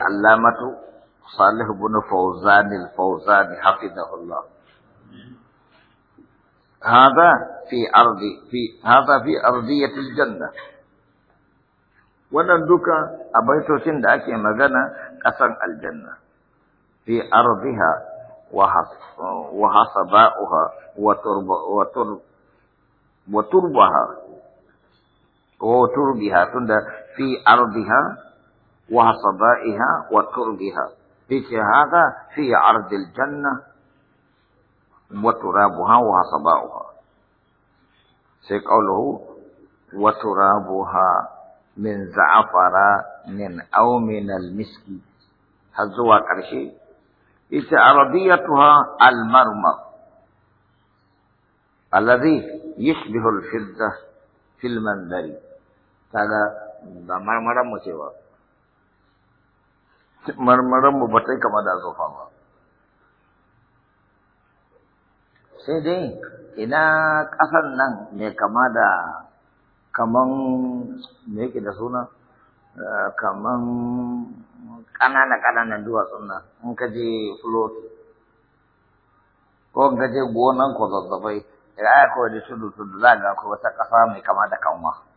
علامة صالح بن فوزان الفوزان حفظه الله هذا في أرض في هذا في أرضية الجنة ونندوك أبيت سند أكي مغنى قسم الجنة في أرضها وحص وحصباؤها وترب وترب وتربها وتربها تند في أرضها وصبائها وتربها بك هذا في عرض الجنة وترابها وصبائها سيقوله وترابها من زعفر من أو من المسك هزوها كرشي إذا عربيتها المرمر الذي يشبه الفضة في المنبر هذا مرمرا مشوار marmaranmu ba ta yi kama da zofa ba sai dai ina ƙasar nan mai kama da kaman me yake da suna eh, kaman ƙanana-ƙananan duwatsun nan in ka je floti ko in ka je gonan ko zazzabai ya kawai da tudu-tudu za ga akwai wata ƙasa mai kama da kanwa.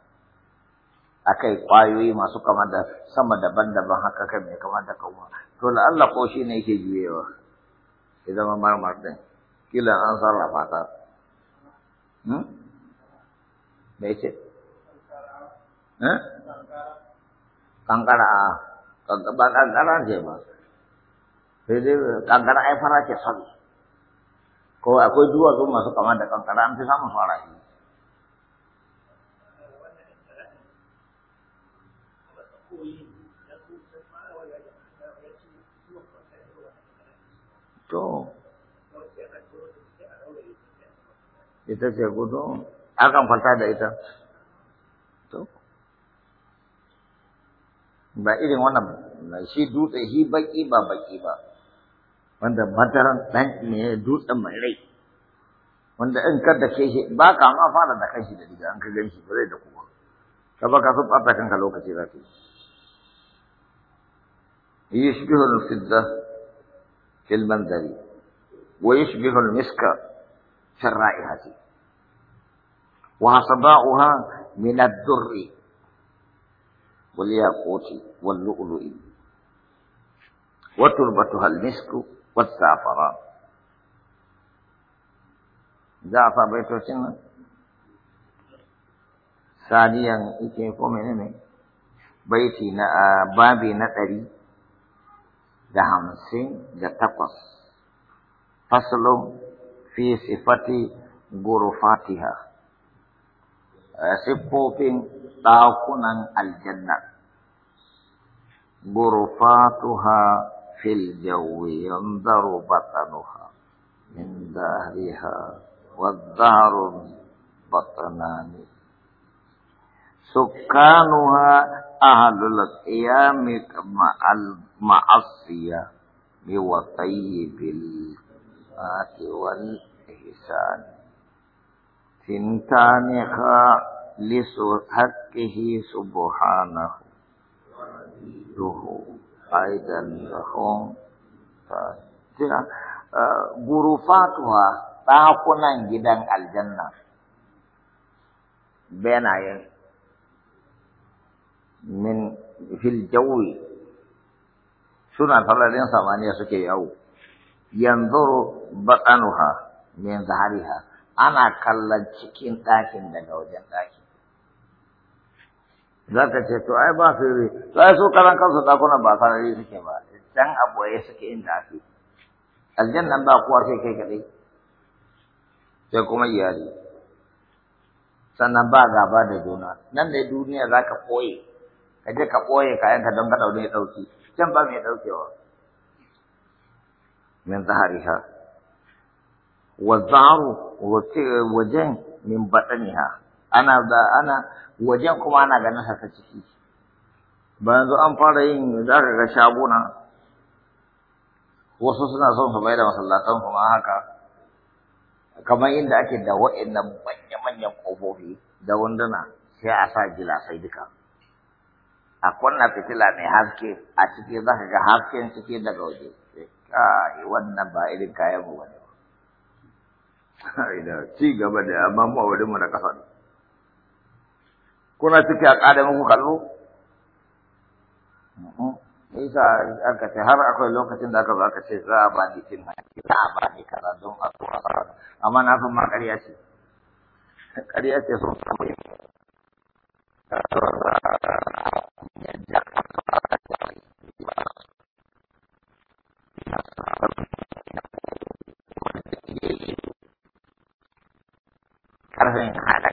akai kwayoyi masu kama da sama daban-daban haka kai mai kama da kuma to da Allah ko shi ne yake juyewa Idan ma marmar din kila an sarrafa ta hmm me ce eh hmm? kankara kankara kankara ce ba sai dai kankara ai fara ce sabi ko akwai duwatsu masu kama da kankara an fi samun fara shi. To, ita ce gudu, akan kwanta da ita. To, ba irin wannan shi dutse shi baki ba baki ba, wanda mataran ɗan ne dutsen mai rai, wanda in ka da ke shi ba ka ma fara da shi da diga an ka gan shi ba zai da kuma, ka ba ka sun ɓata kanka lokaci za ka yi. يشبه الفضة في المندل ويشبه المسك في الرائحة وصداؤها من الدر والياقوت واللؤلؤ وتربتها المسك والزعفران بيت السنة ثانيا إيكي فومين بيتي نا بابي نتري دهامسين جتقص فصل في صفة غرفاتها سبوكين تاكونا الجنة غرفاتها في الجو ينظر بطنها من دهرها والدهر بطنان سكانها ahadul qiyami ma al ma'asiya bi wa tayyibil ati wal ihsan tintani kha li su hakkihi subhanahu duhu aidan rahum ta guru fatwa ta kunan gidan aljanna bena yin min fil jawi suna fararen samaniya suke yawo yanzuru batanuha min zahariha ana kallon cikin ɗakin daga wajen ɗakin za ka ce to ai ba su yi to ai su karan kansu ɗakunan ba farare suke ba dan abuwaye suke inda ake aljanna ba kowa sai kai kaɗai sai kuma iyali sannan ba gaba da juna nan ne duniya za ka koye ka je ka ɓoye kayanka don ka ya ɗauki can ba mai ɗaukewa min zahariha wa zaru wajen min baɗaniha ana da ana wajen kuma ana ganin haka ciki bayan zo an fara yin za ka ga shaguna wasu suna son su bai da masallatan kuma haka kamar inda ake da nan manya-manyan ƙofofi da wanduna sai a sa gilasai duka a kunna fitila mai haske a ciki za ka ga hasken ciki daga waje kai wannan ba irin kayan mu ne ina ci gaba da amma mu a wurin mu na kasa kuna ciki a kada muku kallo Isa aka ce har akwai lokacin da aka baka ce za a ba ni cin haƙi za a ba ni kaza don a tura ba amma na san ma ƙarya ce ƙarya ce sun samu කරගෙන ආලා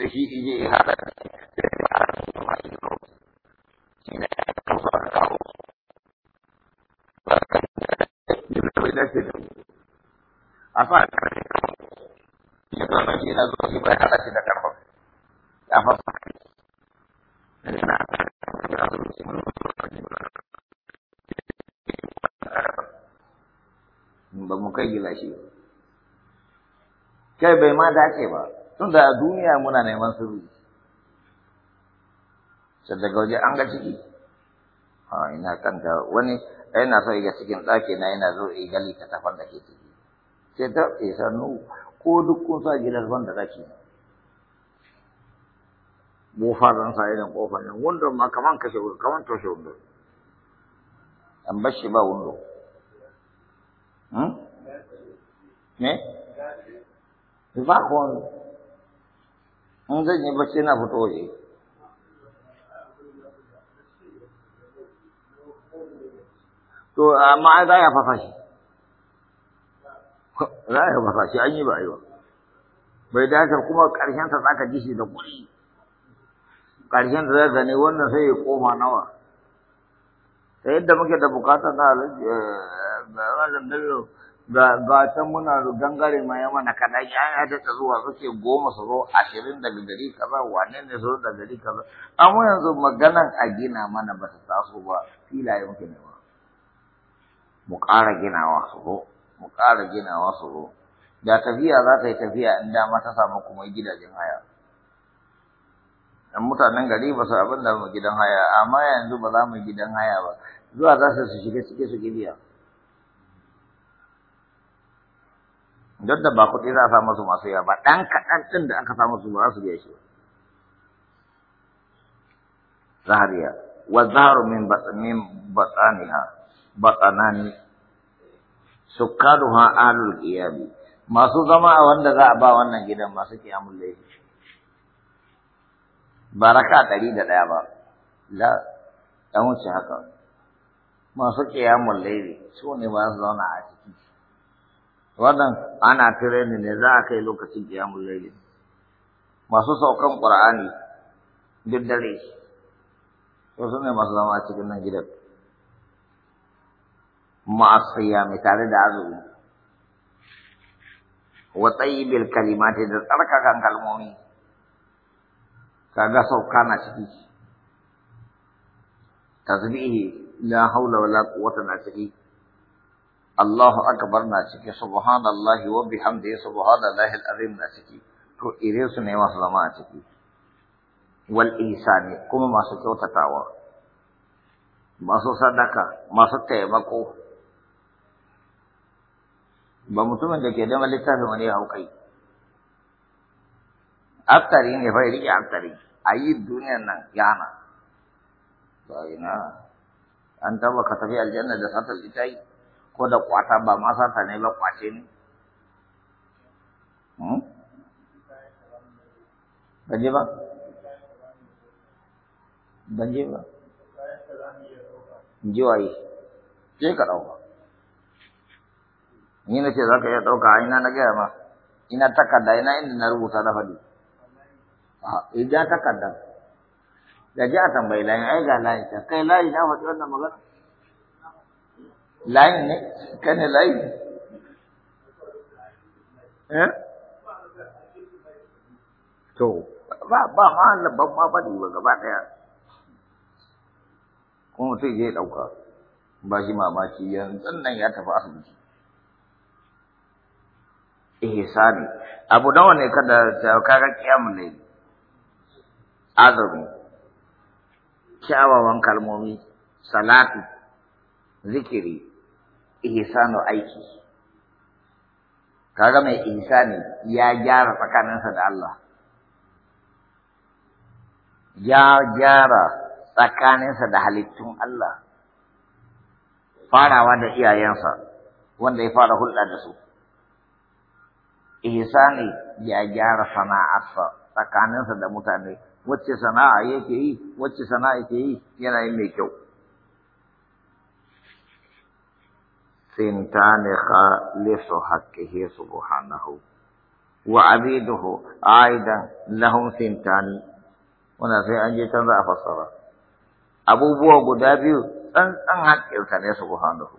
da shi shi ne ya da bai dace da shi kai bai ma dace ba tunda a duniya muna neman sirri sai daga waje an ga ciki a ina kanta wani yana so ya cikin ɗaki na yana zo ya gali ta tafan da ke ciki sai ta isa nu ko duk kun sa gidan ban da ɗaki ne bofar ran sa irin kofar nan wanda ma kaman kashe kaman toshe wundon an bar shi ba wundo hmm? ne? ba ko in zan yi bacci na fito waje to amma ai za ya fasa shi za ya fasa shi an yi ba a yi ba bai dace kuma ƙarshen ta za ka ji shi da kuri ƙarshen ta za ne wannan sai ya koma nawa ta yadda muke da bukata na malam bello ga can muna gangare ma ya mana kaɗan ya ta zuwa suke goma su zo ashirin daga gari kaza wane ne su daga gari kaza amma yanzu maganan a gina mana ba ta taso ba filaye muke ne ba mu ƙara ginawa su zo mu ƙara ginawa su zo da tafiya za ta yi tafiya in dama ta samu kuma gidajen haya dan mutanen gari ba su abin da mu gidan haya amma yanzu ba za mu gidan haya ba zuwa za su shiga cike su gidiya Don da ba kuɗi za a samu su masu yawa ba, ɗan kaɗan ɗin da aka samu su ba za su biya shi. Zahariya, wa zaharu min batsaniha, batsanani, ha alul iyabi Masu zama a wanda za a ba wannan gidan masu kiyamun laifi. Ba raka ɗari da ɗaya ba, la, ɗan wuce haka. Masu ke kiyamun laifi su ne ba su zauna a ciki. wannan ana tireni ne za a kai lokacin kiyamun laili masu saukan qur'ani duk dare to su ne masu zama a cikin nan gidan ma'asiya mai tare da azumi wa tayyibil kalimati da tsarkakan kalmomi kaga sauka na ciki tasbihi la haula wala quwwata na ciki اللہ اکبر ناچکی سبحان اللہ و بحمد سبحان اللہ العظیم ناچکی تو ایرے اس نے مسلم آچکی والعیسانی کم ماسو کیوں تتاوا ماسو صدقہ ماسو تیمہ کو بمتو میں دیکھے دیں ولی تاہی ونی ہاو کئی اب تاری یہ فائلی اب تاری آئی دنیا نا یانا تو آئینا انتا وقت فی الجنہ دسات الیتائی ko da kwata ba ma ta ne ba kwace ne ban ba hmm? Banje ba in ji waye je ka ɗauka ni na ce za ka iya ɗauka ina na gaya ma ina takarda ina inda na rubuta na faɗi idan takarda da ji a tambayi layin ai ga layin kai layi na faɗi wannan magana layin ne kai ne layi eh to ba ba ma ba ma di ba gaba daya kuma mutum zai dauka ba shi mamaki yanzu nan ya tafi asibiti eh, Sani. abu nawa ne kada ta kaga kiyamu ne azumi kyawawan kalmomi salatu zikiri ihsanu aiki kaga mai ihsani ya gyara tsakaninsa da Allah ya gyara tsakaninsa da halittun Allah farawa da iyayensa wanda ya fara hulɗa da su ihsani ya gyara sana'arsa tsakaninsa da mutane wacce sana'a yake yi wacce sana'a yake yi yana yin mai kyau سنتان خالص wa'azi سبحانه a aidan لهم sintani, wannan sai an je canza za a fassara abubuwa guda biyu tsantsan haƙƙinsa ne subhanahu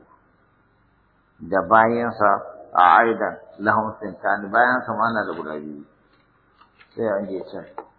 da bayansa a aidan lahum sintani bayansa ma na da guda biyu sai an je can